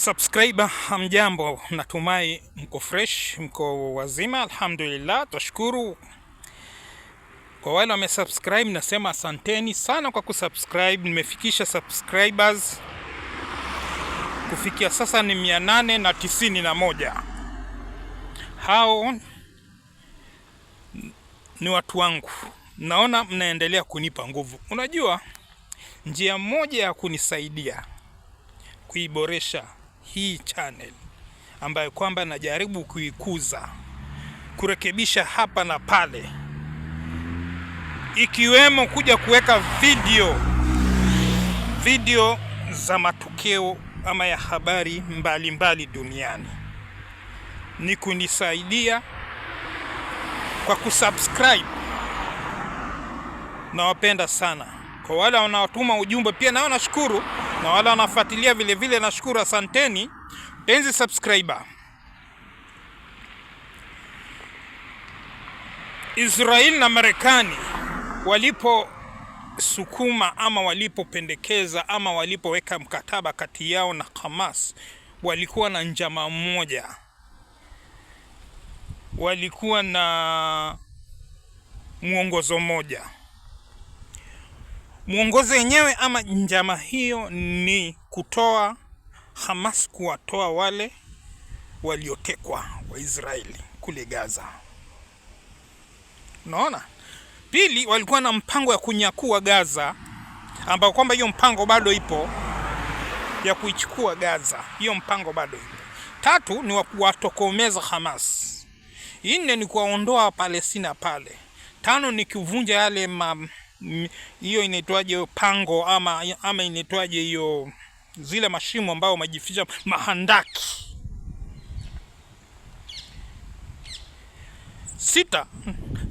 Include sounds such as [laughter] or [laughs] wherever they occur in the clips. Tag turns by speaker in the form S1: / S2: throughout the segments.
S1: Subscriber, hamjambo, natumai mko fresh, mko wazima, alhamdulillah, twashukuru. Kwa wale wamesubscribe, nasema asanteni sana kwa kusubscribe. Nimefikisha subscribers kufikia sasa ni 891. Hao ni watu wangu, naona mnaendelea kunipa nguvu. Unajua, njia moja ya kunisaidia kuiboresha hii channel ambayo kwamba najaribu kuikuza, kurekebisha hapa na pale, ikiwemo kuja kuweka video video za matukio ama ya habari mbalimbali mbali duniani. Ni kunisaidia kwa kusubscribe. Nawapenda sana kwa wale wanaotuma ujumbe, pia nao nashukuru na wala wanafuatilia vile vile, nashukuru, asanteni mpenzi subscriber. Israel na Marekani waliposukuma ama walipopendekeza ama walipoweka mkataba kati yao na Hamas, walikuwa na njama moja, walikuwa na mwongozo moja. Mwongozo wenyewe ama njama hiyo ni kutoa Hamas, kuwatoa wale waliotekwa Waisraeli kule Gaza. Unaona, pili, walikuwa na mpango ya kunyakua Gaza, ambao kwamba hiyo mpango bado ipo ya kuichukua Gaza, hiyo mpango bado ipo. Tatu ni wa kuwatokomeza Hamas. Nne ni kuwaondoa Palestina pale. Tano ni kuvunja yale ma hiyo inaitwaje, pango ama ama inaitwaje hiyo, zile mashimo ambayo majificha, mahandaki. Sita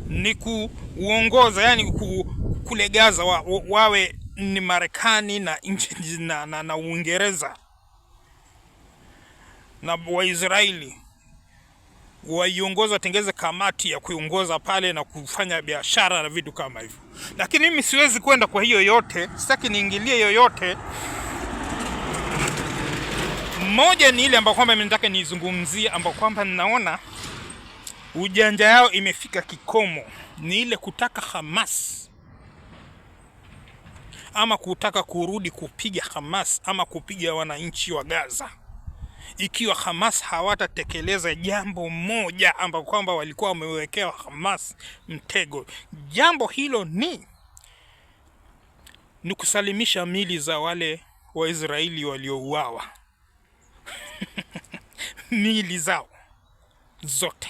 S1: ni kuuongoza, yani ku, kulegaza wa, wawe ni Marekani na nchi na, na, na Uingereza na Waisraeli waiongoza watengeze kamati ya kuiongoza pale na kufanya biashara na vitu kama hivyo, lakini mimi siwezi kwenda kwa hiyo yote, sitaki niingilie yoyote. Moja ni ile ambayo kwamba nataka nizungumzie, ambayo kwamba ninaona ujanja yao imefika kikomo, ni ile kutaka Hamas ama kutaka kurudi kupiga Hamas ama kupiga wananchi wa Gaza ikiwa Hamas hawatatekeleza jambo moja ambao kwamba walikuwa wamewekewa Hamas mtego. Jambo hilo ni ni kusalimisha mili za wale Waisraeli waliouawa [laughs] mili zao zote,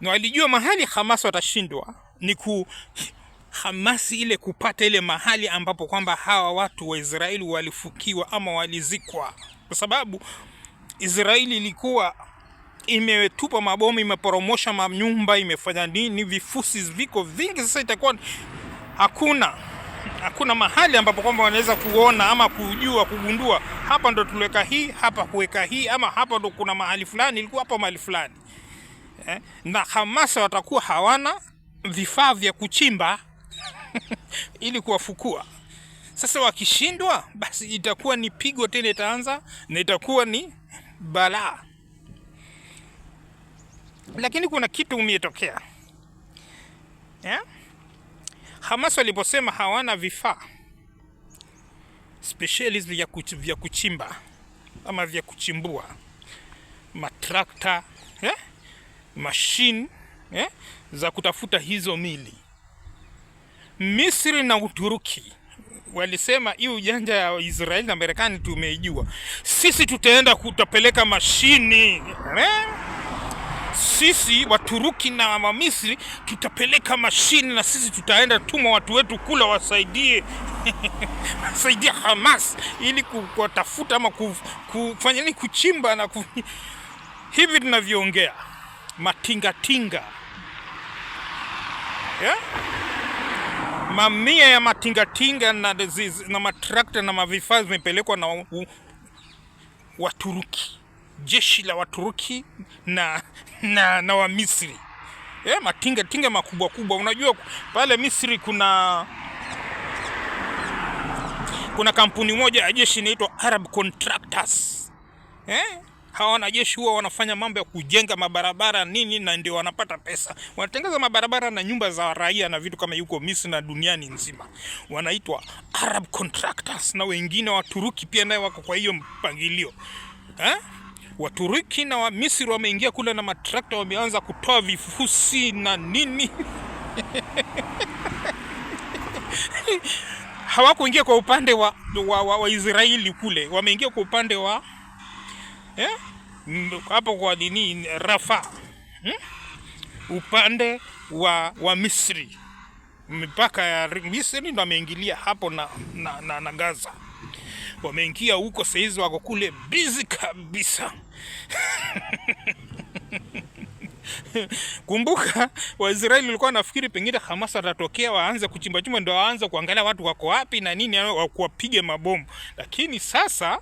S1: na walijua mahali Hamas watashindwa ni ku hamasi ile kupata ile mahali ambapo kwamba hawa watu wa Israeli walifukiwa ama walizikwa, kwa sababu Israeli ilikuwa imetupa mabomu, imeporomosha manyumba, imefanya nini, vifusi viko vingi. Sasa itakuwa hakuna hakuna mahali ambapo kwamba wanaweza kuona ama kujua kugundua, hapa ndo tuliweka hii, hapa kuweka hii, ama hapa ndo kuna mahali fulani ilikuwa hapa mahali fulani eh. Na hamasa watakuwa hawana vifaa vya kuchimba [laughs] ili kuwafukua. Sasa wakishindwa, basi itakuwa ni pigo tena, itaanza na itakuwa ni balaa. Lakini kuna kitu umetokea yeah? Hamas waliposema hawana vifaa specialis vya kuchimba ama vya kuchimbua matrakta yeah? machine yeah? za kutafuta hizo mili Misri na Uturuki walisema hii ujanja ya Israeli na Marekani tumeijua sisi, tutaenda kutapeleka mashini sisi Waturuki na Wamisri tutapeleka mashini na sisi tutaenda tuma watu wetu kula wasaidie [laughs] wasaidie Hamas ili kuwatafuta ama kufanya nini, kuchimba na ku... [laughs] hivi tunavyoongea matingatinga yeah? Mamia ya matingatinga na, na matrakta na mavifaa zimepelekwa na Waturuki, jeshi la Waturuki na, na, na Wamisri. E, eh, matingatinga makubwa kubwa. Unajua pale Misri kuna kuna kampuni moja ya jeshi inaitwa Arab Contractors eh? hawa wanajeshi huwa wanafanya mambo ya kujenga mabarabara nini, na ndio wanapata pesa. Wanatengeza mabarabara na nyumba za raia na vitu kama yuko Misri na duniani nzima, wanaitwa Arab contractors, na wengine Waturuki pia naye wako kwa hiyo mpangilio ha? Eh? Waturuki na Misri wameingia kule na matrakta, wameanza kutoa vifusi na nini [laughs] hawakuingia kwa upande wa Waisraeli wa, wa kule wameingia kwa upande wa Eh? hapo kwa nini Rafa eh? upande wa, wa Misri, mipaka ya Misri ndo ameingilia hapo na, na, na, na Gaza wameingia huko saizi, wako kule bizi kabisa. [laughs] Kumbuka Waisraeli walikuwa wanafikiri pengine Hamas atatokea waanze kuchimba chumba, ndio waanze kuangalia watu wako wapi na nini, wakuwapiga mabomu, lakini sasa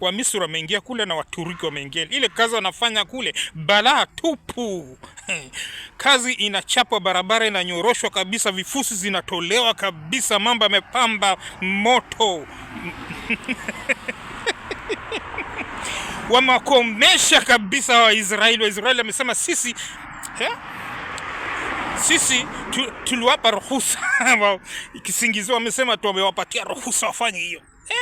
S1: Wamisri wameingia kule na Waturuki wameingia ile kazi wanafanya kule, balaa tupu [laughs] kazi inachapwa, barabara inanyoroshwa kabisa, vifusi zinatolewa kabisa, mambo yamepamba moto [laughs] wamewakomesha kabisa Waisraeli. Waisraeli wamesema sisi he? sisi tu, tuliwapa ruhusa [laughs] kisingizio wamesema tumewapatia ruhusa wafanye hiyo eh?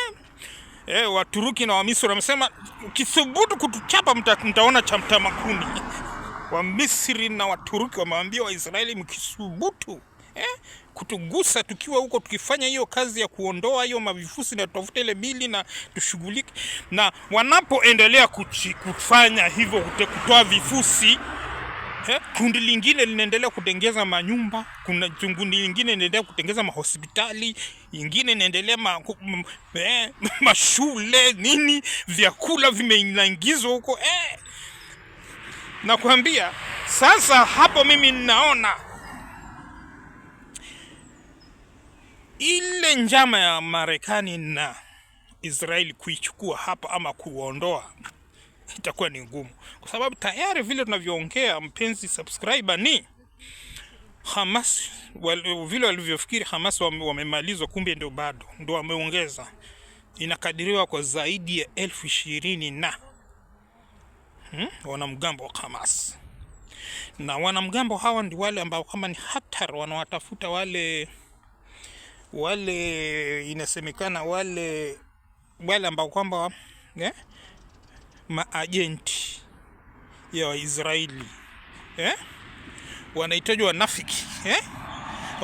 S1: eh, Waturuki na Wamisri wamesema ukithubutu kutuchapa mta, mtaona cha mtamakuni. [laughs] Wamisri na Waturuki wamewaambia Waisraeli mkithubutu eh, kutugusa tukiwa huko tukifanya hiyo kazi ya kuondoa hiyo mavifusi na tutafuta ile mili na tushughulike, na wanapoendelea kufanya hivyo kutoa vifusi eh, kundi lingine linaendelea kutengeza manyumba, kuna kundi lingine linaendelea kutengeza mahospitali, ingine inaendelea ma, eh, [laughs] mashule nini, vyakula vimeingizwa huko eh. Nakwambia sasa, hapo mimi ninaona ile njama ya Marekani na Israeli kuichukua hapa ama kuondoa [laughs] itakuwa ni ngumu, kwa sababu tayari vile tunavyoongea, mpenzi subscriber, ni Hamas wal, vile walivyofikiri Hamas wamemalizwa, kumbe ndio bado ndio wameongeza, inakadiriwa kwa zaidi ya elfu ishirini na hmm, wanamgambo wa Hamas na wanamgambo hawa ndi wale ambao kama ni hatar wanawatafuta wale wale inasemekana wale wale ambao kwamba yeah? maajenti ya Waisraeli eh? Wanahitajwa wanafiki eh?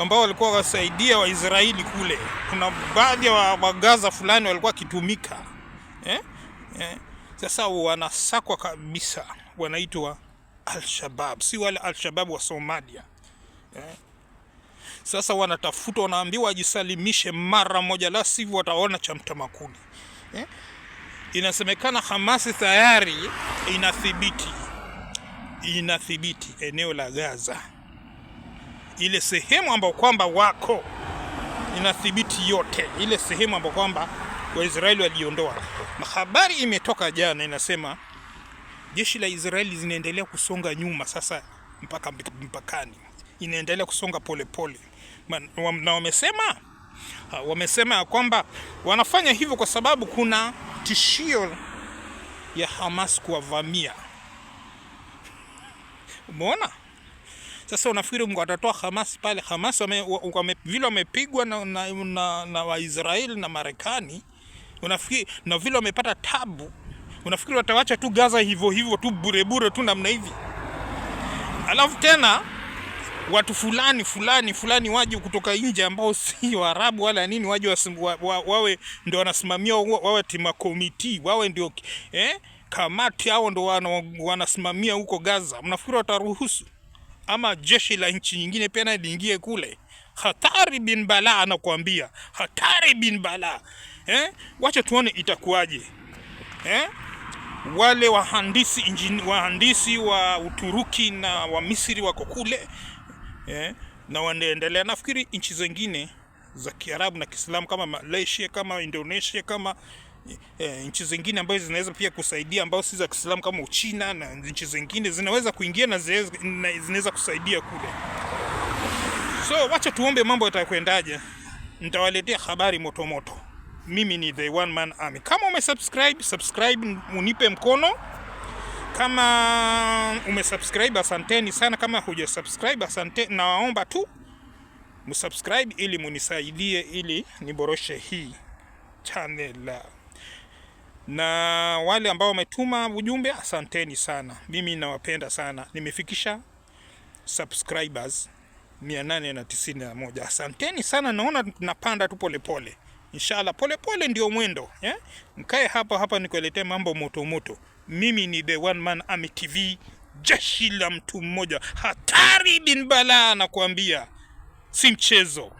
S1: ambao walikuwa wasaidia Waisraeli kule. Kuna baadhi ya wa, Wagaza fulani walikuwa wakitumika eh? eh? Sasa wanasakwa kabisa, wanaitwa Alshabab, si wale Alshabab wa Somalia eh? Sasa wanatafutwa, wanaambiwa wajisalimishe mara moja, la sivyo wataona cha mtamakuni eh? Inasemekana Hamasi tayari inathibiti inathibiti eneo la Gaza, ile sehemu ambayo kwamba wako inathibiti yote, ile sehemu ambayo kwamba Waisraeli waliondoa. Habari imetoka jana, inasema jeshi la Israeli zinaendelea kusonga nyuma sasa mpaka mpakani, inaendelea kusonga polepole pole. Na wamesema wamesema ya kwamba wanafanya hivyo kwa sababu kuna tishio ya Hamas kuwavamia. Umeona? Sasa unafikiri Mungu atatoa Hamas pale? Hamas wame, wame, vile wamepigwa na, na, na, na Waisraeli na Marekani, unafikiri na vile wamepata tabu, unafikiri watawacha tu Gaza hivyo hivyo tu burebure tu namna hivi? Alafu tena watu fulani fulani fulani waje kutoka nje ambao [laughs] si Waarabu wala nini, waje wa, wa, wawe ndio wanasimamia wawe tima komiti wawe ndio eh, kamati hao ndio wanasimamia huko Gaza. Mnafikiri wataruhusu? Ama jeshi la nchi nyingine pia naye liingie kule? Hatari bin bala, anakuambia hatari bin bala eh? Wacha tuone itakuwaje eh? Wale wahandisi injini, wahandisi wa Uturuki na wa Misri wako kule eh, na wanaendelea. Nafikiri nchi zingine za Kiarabu na Kiislamu kama Malaysia, kama Indonesia, kama E, nchi zingine ambazo zinaweza pia kusaidia ambao si za Kiislamu kama Uchina na nchi zingine zinaweza kuingia na zinaweza kusaidia kule. So wacha tuombe mambo yatakwendaje. Nitawaletea habari moto moto. Mimi ni The One Man Army. Kama umesubscribe, subscribe, unipe mkono. Kama umesubscribe asanteni sana, kama hujasubscribe asante, nawaomba tu msubscribe ili munisaidie ili niboroshe hii channel, na wale ambao wametuma ujumbe asanteni sana, mimi nawapenda sana. Nimefikisha subscribers 891 asanteni sana. Naona napanda tu polepole, inshallah polepole ndio mwendo yeah? Mkae hapa hapa nikuelete mambo moto moto. Mimi ni the one man army TV, jeshi la mtu mmoja hatari bin bala anakuambia si mchezo.